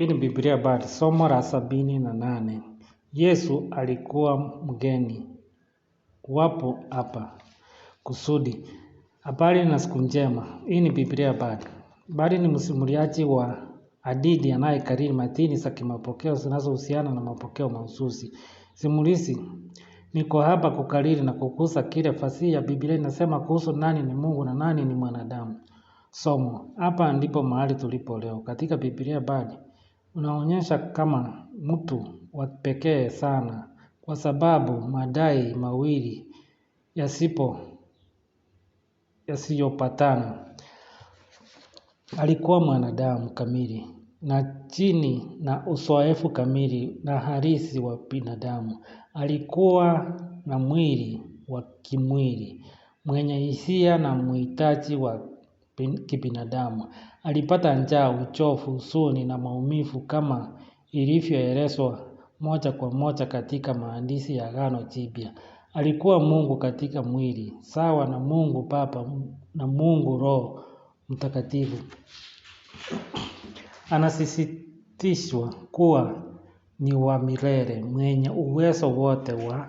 Hii ni Biblia Badi, somo la sabini na nane. Yesu alikuwa mgeni wapo hapa kusudi. Habari na siku njema. Hii ni Biblia Badi. Badi ni msimuliaji wa hadithi anayekariri matini za kimapokeo zinazohusiana na mapokeo mahususi. Simulizi, niko hapa kukariri na kukusa kile fasihi ya Biblia inasema kuhusu nani ni Mungu na nani ni mwanadamu. Somo, hapa ndipo mahali tulipo leo katika Biblia Badi unaonyesha kama mtu wa pekee sana kwa sababu madai mawili yasipo yasiyopatana. Alikuwa mwanadamu kamili na chini na uzoefu kamili na harisi wa binadamu. Alikuwa na mwili wa kimwili mwenye hisia na muhitaji wa kibinadamu. Alipata njaa, uchovu, huzuni na maumivu kama ilivyoelezwa moja kwa moja katika maandishi ya Agano Jipya. Alikuwa Mungu katika mwili, sawa na Mungu Baba na Mungu Roho Mtakatifu. anasisitishwa kuwa ni wa milele, mwenye uwezo wote wa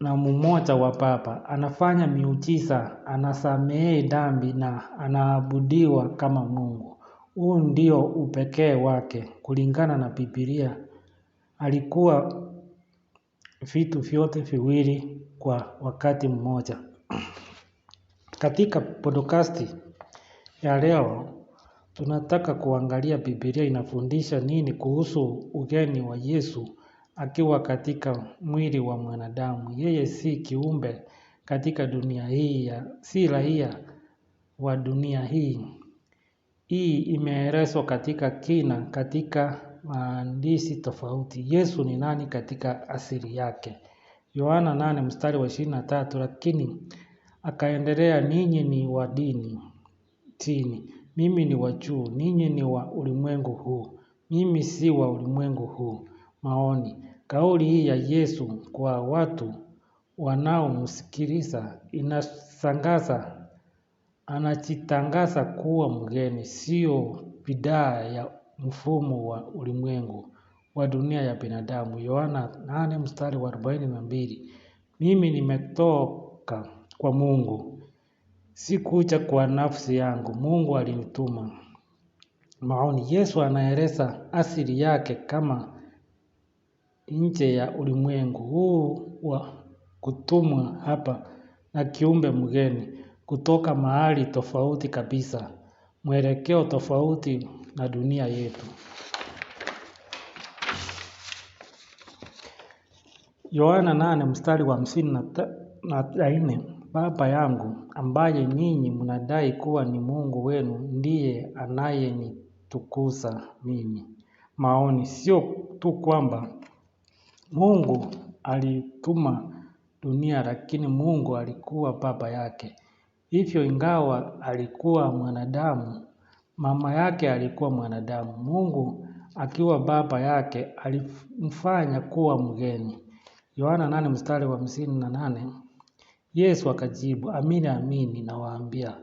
na mmoja wa Papa, anafanya miujiza, anasamehe dhambi na anaabudiwa kama Mungu. Huu ndio upekee wake kulingana na Biblia. Alikuwa vitu vyote viwili kwa wakati mmoja. Katika podkasti ya leo tunataka kuangalia Biblia inafundisha nini kuhusu ugeni wa Yesu akiwa katika mwili wa mwanadamu. Yeye si kiumbe katika dunia hii, si raia wa dunia hii. Hii imeelezwa katika kina katika maandishi tofauti. Yesu ni nani katika asili yake? Yohana nane mstari wa ishirini na tatu, lakini akaendelea, ninyi ni wa dini chini, mimi ni wa juu, ninyi ni wa ulimwengu huu, mimi si wa ulimwengu huu. Maoni, Kauli hii ya Yesu kwa watu wanaomsikiliza inasangaza Anajitangaza kuwa mgeni, sio bidhaa ya mfumo wa ulimwengu wa dunia ya binadamu. Yohana 8 mstari wa 42. Mimi nimetoka kwa Mungu. Sikuja kwa nafsi yangu. Mungu alinituma. Maoni Yesu anaeleza asili yake kama nje ya ulimwengu huu wa kutumwa hapa na kiumbe mgeni kutoka mahali tofauti kabisa, mwelekeo tofauti na dunia yetu. Yohana nane mstari wa hamsini na nne Baba yangu ambaye nyinyi mnadai kuwa ni Mungu wenu ndiye anayenitukuza mimi. Maoni sio tu kwamba Mungu alituma dunia lakini Mungu alikuwa baba yake. Hivyo ingawa alikuwa mwanadamu, mama yake alikuwa mwanadamu. Mungu akiwa baba yake alimfanya kuwa mgeni. Yohana nane mstari wa hamsini na nane. Yesu akajibu, amini amini nawaambia,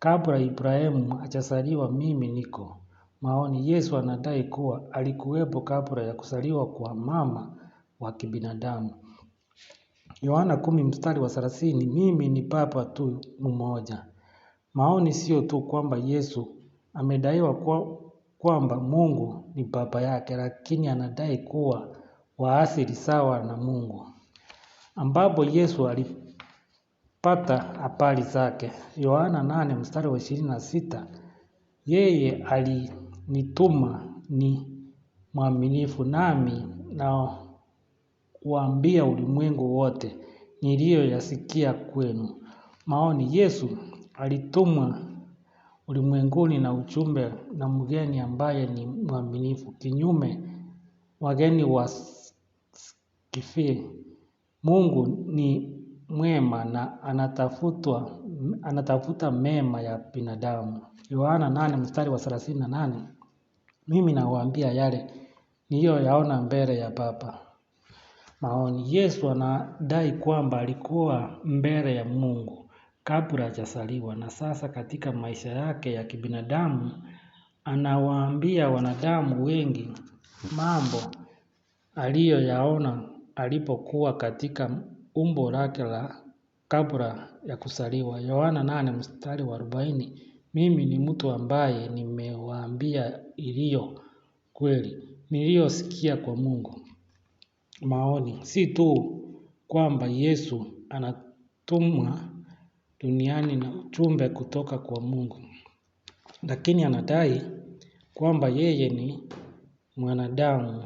kabla Ibrahimu hajazaliwa mimi niko. Maoni Yesu anadai kuwa alikuwepo kabla ya kuzaliwa kwa mama wa kibinadamu. Yohana kumi mstari wa thelathini, mimi ni Baba tu mmoja. Maoni sio tu kwamba Yesu amedaiwa kwa, kwamba Mungu ni baba yake, lakini anadai kuwa waasili sawa na Mungu, ambapo Yesu alipata habari zake. Yohana nane mstari wa ishirini na sita, yeye alinituma ni mwaminifu nami na kuambia ulimwengu wote niliyoyasikia kwenu. Maoni Yesu alitumwa ulimwenguni na uchumbe na mgeni ambaye ni mwaminifu kinyume wageni wa kifii. Mungu ni mwema na anatafutwa anatafuta mema ya binadamu. Yohana 8 mstari wa 38, mimi nawaambia yale niliyoyaona mbele ya Baba maoni Yesu anadai kwamba alikuwa mbele ya Mungu kabla hajazaliwa na sasa katika maisha yake ya kibinadamu anawaambia wanadamu wengi mambo aliyoyaona alipokuwa katika umbo lake la kabla ya kusaliwa Yohana nane mstari wa arobaini, mimi ni mtu ambaye nimewaambia iliyo kweli niliyosikia kwa Mungu maoni. Si tu kwamba Yesu anatumwa duniani na ujumbe kutoka kwa Mungu. Lakini anadai kwamba yeye ni mwanadamu,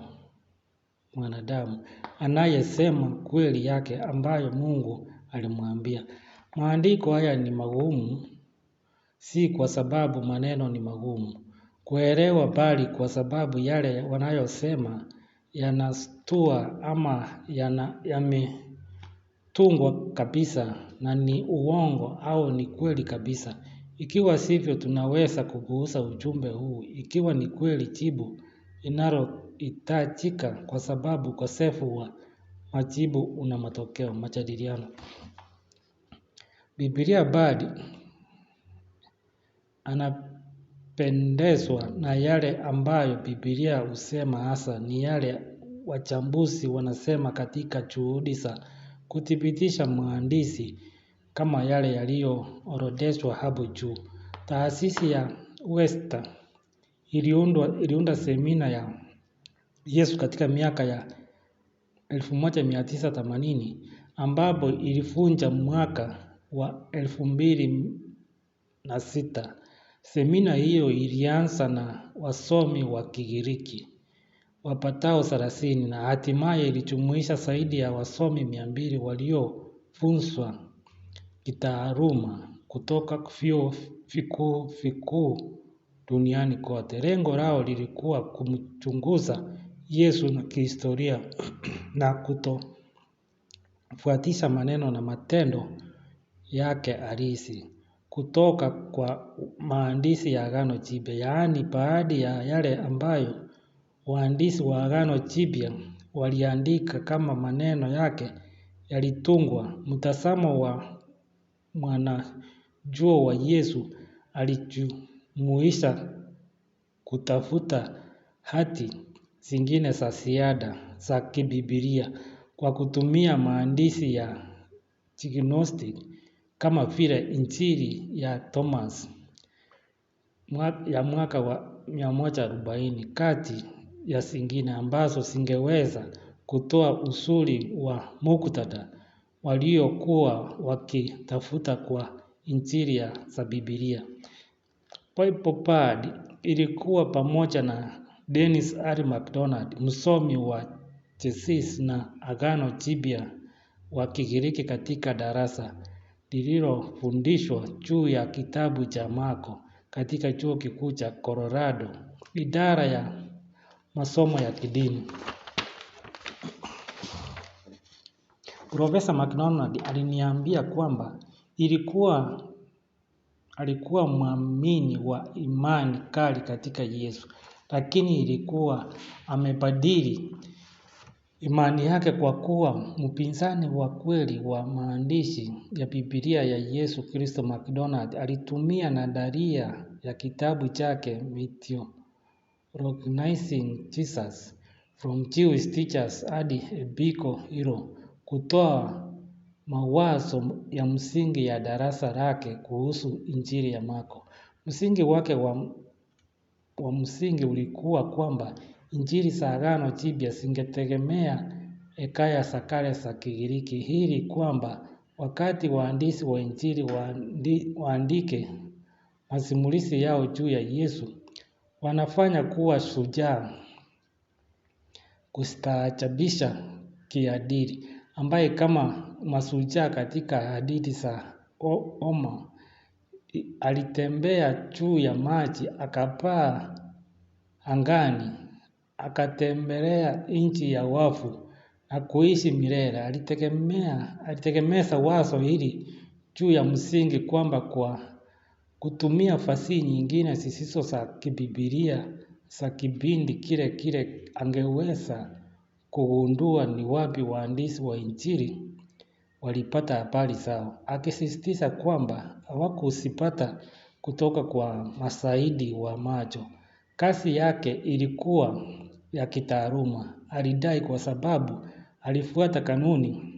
mwanadamu anayesema kweli yake ambayo Mungu alimwambia. Maandiko haya ni magumu, si kwa sababu maneno ni magumu kuelewa, bali kwa sababu yale wanayosema yanastua ama yametungwa kabisa na ni uongo au ni kweli kabisa. Ikiwa sivyo tunaweza kuguusa ujumbe huu, ikiwa ni kweli jibu linalohitajika kwa sababu ukosefu wa majibu una matokeo majadiliano. Biblia ana kupendezwa na yale ambayo Biblia husema hasa ni yale wachambuzi wanasema katika juhudi za kuthibitisha maandisi kama yale yaliyoorodheshwa hapo juu. Taasisi ya Westa iliunda semina ya Yesu katika miaka ya 1980 ambapo ilivunja mwaka wa 2006. Semina hiyo ilianza na wasomi wa Kigiriki wapatao thelathini na hatimaye ilijumuisha zaidi ya wasomi mia mbili waliofunzwa kitaaluma kutoka vyuo vikuu vikuu duniani kote. Lengo lao lilikuwa kumchunguza Yesu na kihistoria na kutofuatisha maneno na matendo yake halisi kutoka kwa maandishi ya Agano Jipya, yaani baadhi ya yale ambayo waandishi wa Agano Jipya waliandika kama maneno yake yalitungwa. Mtazamo wa mwanajuo wa Yesu alijumuisha kutafuta hati zingine za ziada za kibibilia kwa kutumia maandishi ya Gnostic kama vile Injili ya Thomas ya mwaka wa 140 kati ya zingine ambazo zingeweza kutoa usuli wa muktadha waliokuwa wakitafuta kwa Injili za Biblia. Bible ilikuwa pamoja na Dennis R. mcdonald msomi wa Jesus na Agano Jipya wa Kigiriki katika darasa lililofundishwa juu ya kitabu cha Marko katika chuo kikuu cha Colorado, idara ya masomo ya kidini. Profesa McDonald aliniambia kwamba ilikuwa alikuwa mwamini wa imani kali katika Yesu, lakini ilikuwa amebadili imani yake kwa kuwa mpinzani wa kweli wa maandishi ya Biblia ya Yesu Kristo MacDonald alitumia nadharia ya kitabu chake Recognizing Jesus from Jewish Teachers hadi Biko hilo kutoa mawazo ya msingi ya darasa lake kuhusu Injili ya Marko. Msingi wake wa, wa msingi ulikuwa kwamba Injili za Agano Jipya zingetegemea hekaya za kale za Kigiriki hili kwamba wakati waandisi wa Injili waandike masimulizi yao juu ya Yesu, wanafanya kuwa shujaa kustaajabisha kiadili, ambaye kama masujaa katika hadithi za oma alitembea juu ya maji, akapaa angani akatembelea nchi ya wafu na kuishi milele. Alitegemeza wazo hili juu ya msingi kwamba kwa kutumia fasihi nyingine zisizo za kibibilia za kipindi kile kile angeweza kugundua ni wapi waandishi wa injili walipata habari zao, akisisitiza kwamba hawakuzipata kutoka kwa masaidi wa macho Kazi yake ilikuwa ya kitaaluma, alidai kwa sababu alifuata kanuni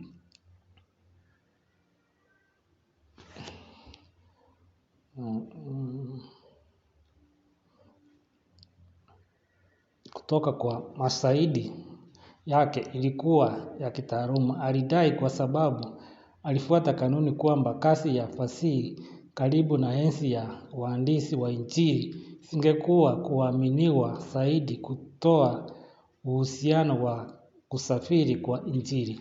kutoka kwa masaidi yake ilikuwa ya kitaaluma, alidai kwa sababu alifuata kanuni kwamba kazi ya fasihi karibu na enzi ya waandishi wa Injili singekuwa kuaminiwa zaidi kutoa uhusiano wa kusafiri kwa Injili.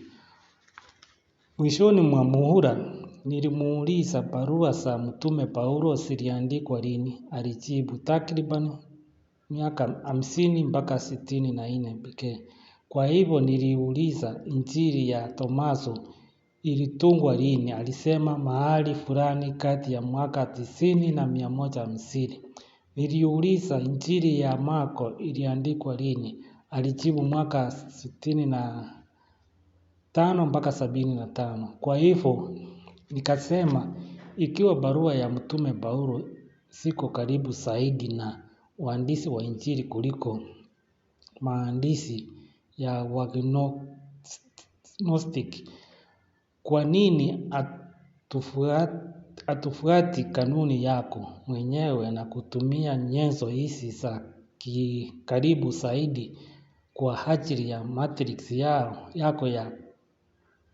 Mwishoni mwa muhura nilimuuliza barua za Mtume Paulo ziliandikwa lini. Alijibu takriban miaka hamsini mpaka sitini na nne pekee. Kwa hivyo niliuliza Injili ya Tomaso ilitungwa lini? Alisema mahali fulani kati ya mwaka tisini na mia moja hamsini. Niliuliza injili ya Marko iliandikwa lini? Alijibu mwaka sitini na tano mpaka sabini na tano. Kwa hivyo nikasema ikiwa barua ya mtume Paulo siko karibu zaidi na uandisi wa injili kuliko maandishi ya wagnostic kwa nini hatufuati kanuni yako mwenyewe na kutumia nyenzo hizi za kikaribu zaidi kwa ajili ya matrix yako ya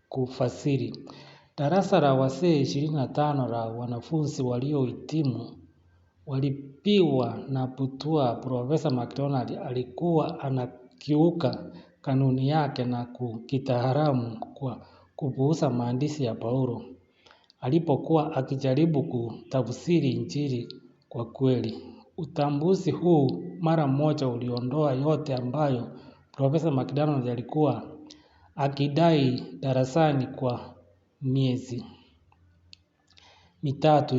kufasiri? Darasa la wazee ishirini na tano la wanafunzi waliohitimu walipiwa na butua Profesa mcdonald alikuwa anakiuka kanuni yake na kukitaharamu kwa kupuuza maandishi ya Paulo alipokuwa akijaribu kutafsiri Injili kwa kweli. Utambuzi huu mara moja uliondoa yote ambayo Profesa McDonald alikuwa akidai darasani kwa miezi mitatu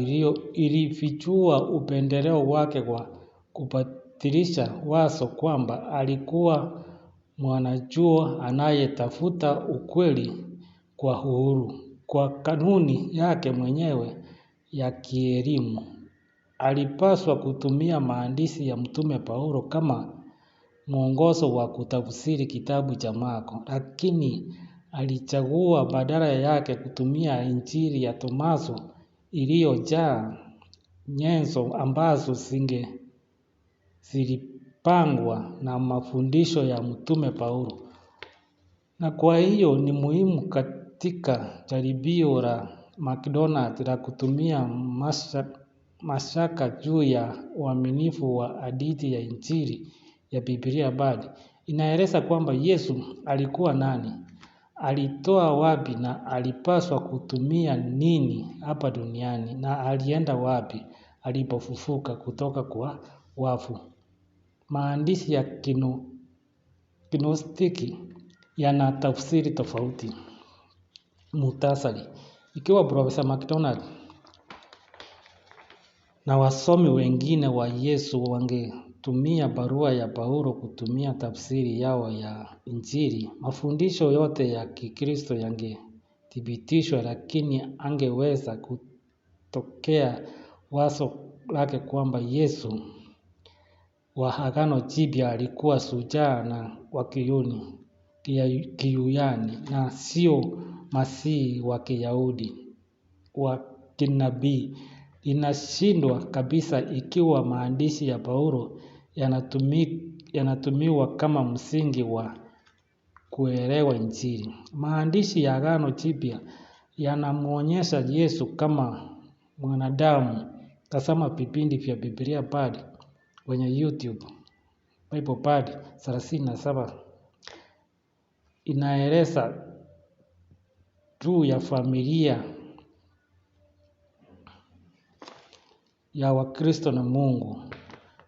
ilifichua upendeleo wake kwa kubatilisha wazo kwamba alikuwa mwanachuo anayetafuta ukweli kwa uhuru kwa kanuni yake mwenyewe ya kielimu. Alipaswa kutumia maandishi ya mtume Paulo kama mwongozo wa kutafsiri kitabu cha Marko, lakini alichagua badala yake kutumia injili ya Tomaso iliyojaa nyenzo ambazo zinge zilipangwa na mafundisho ya mtume Paulo. Na kwa hiyo ni muhimu katika jaribio la McDonald la kutumia mashaka juu ya uaminifu wa hadithi ya Injili ya Biblia bali inaeleza kwamba Yesu alikuwa nani, alitoa wapi na alipaswa kutumia nini hapa duniani na alienda wapi alipofufuka kutoka kwa wafu. Maandishi ya kinostiki yana tafsiri tofauti muhtasari. Ikiwa Profesa mcdonald na wasomi wengine wa Yesu wangetumia barua ya Paulo kutumia tafsiri yao ya Injili, mafundisho yote ya Kikristo yangethibitishwa, lakini angeweza kutokea waso lake kwamba Yesu wa Agano Jipya alikuwa shujaa na wa kiyuyani na sio Masihi wa Kiyahudi wa kinabii inashindwa kabisa ikiwa maandishi ya Paulo yanatumiwa kama msingi wa kuelewa Injili. Maandishi ya Agano Jipya yanamwonyesha Yesu kama mwanadamu. tasama vipindi vya bibilia Bard kwenye YouTube, Bible Bard 37 inaeleza juu ya familia ya Wakristo na Mungu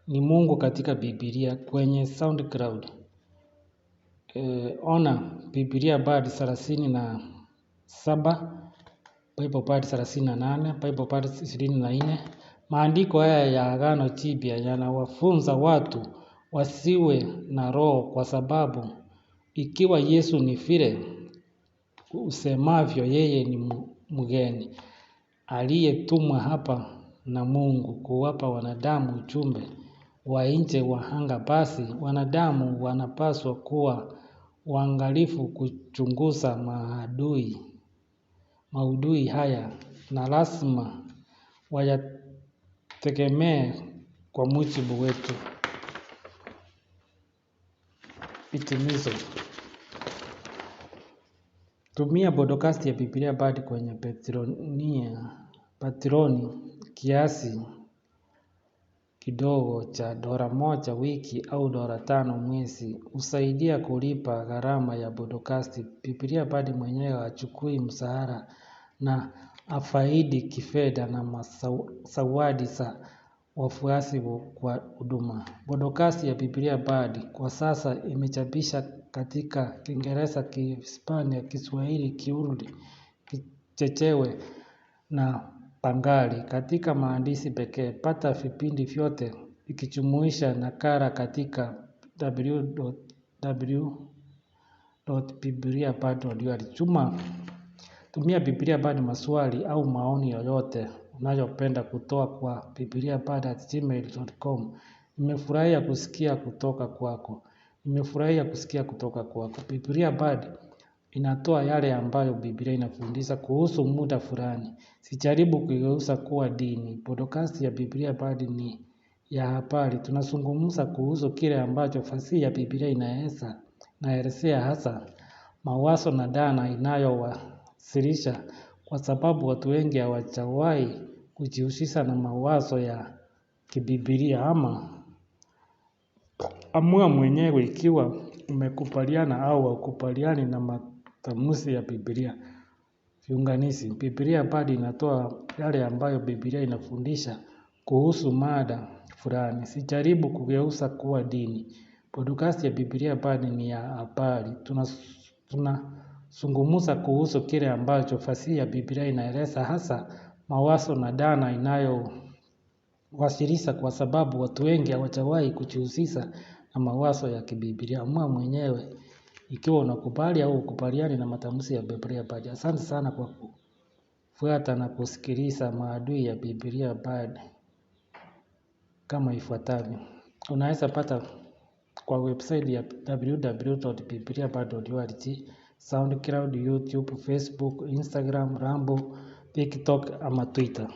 ni Mungu katika Biblia kwenye SoundCloud. Eh, ona Biblia Bard thelathini na saba Bible Bard thelathini na nane Bible Bard ishirini na nne Maandiko haya ya Agano Jipya yanawafunza watu wasiwe na roho, kwa sababu ikiwa Yesu ni fire, usemavyo yeye ni mgeni aliyetumwa hapa na Mungu kuwapa wanadamu ujumbe wa nje wa anga. Basi wanadamu wanapaswa kuwa waangalifu kuchunguza maadui maudui haya na lazima wayategemee kwa mujibu wetu. itimizo Tumia podcast ya Biblia Badi kwenye patroni kiasi kidogo cha dola moja wiki au dola tano mwezi husaidia kulipa gharama ya podcast. Biblia Badi mwenyewe achukui msahara na afaidi kifedha na masawadi za wafuasi kwa huduma. Podcast ya Biblia Badi kwa sasa imechapisha katika Kiingereza, Kihispania, Kiswahili, kiurdi Kichechewe na Pangali katika maandishi pekee. Pata vipindi vyote ikijumuisha nakala katika www.bibliabard.org. Juma, tumia Biblia Bard maswali au maoni yoyote unayopenda kutoa kwa bibliabard@gmail.com. Nimefurahia kusikia kutoka kwako. Nimefurahia kusikia kutoka kwako. Biblia bado inatoa yale ambayo Biblia inafundisha kuhusu muda fulani. Sijaribu kuigeuza kuwa dini. Podcast ya Biblia bado ni ya habari. Tunazungumza kuhusu kile ambacho fasihi ya Biblia inaeleza. Inaelezea hasa mawazo na dhana inayowasilisha kwa sababu watu wengi hawajawahi kujihusisha na mawazo ya kibiblia ama amua mwenyewe ikiwa umekubaliana au haukubaliani na matamuzi ya Biblia. Viunganishi. Biblia bado inatoa yale ambayo Biblia inafundisha kuhusu mada fulani. Sijaribu kugeuza kuwa dini. Podcast ya Biblia bado ni ya habari. Tunazungumza kuhusu kile ambacho fasihi ya Biblia inaeleza hasa mawazo na dhana inayowasilisha kwa sababu watu wengi hawajawahi kujihusisha na mawazo ya kibibilia. Amua mwenyewe ikiwa unakubali au ukubaliani na matamshi ya Biblia Bard. Asante sana kwa kufuata na kusikiliza maadui ya Biblia Bard kama ifuatavyo. Unaweza pata kwa website ya www.bibliabard.org, SoundCloud, YouTube, Facebook, Instagram, Rambo, TikTok ama Twitter.